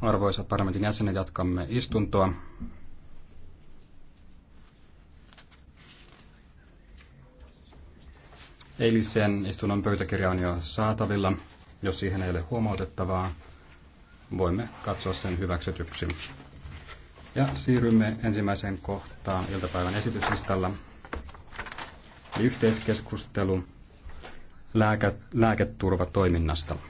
Arvoisat parlamentin jäsenet, jatkamme istuntoa. Eilisen istunnon pöytäkirja on jo saatavilla. Jos siihen ei ole huomautettavaa, voimme katsoa sen hyväksytyksi. Ja siirrymme ensimmäiseen kohtaan iltapäivän esityslistalla. Yhteiskeskustelu lääketurvatoiminnasta.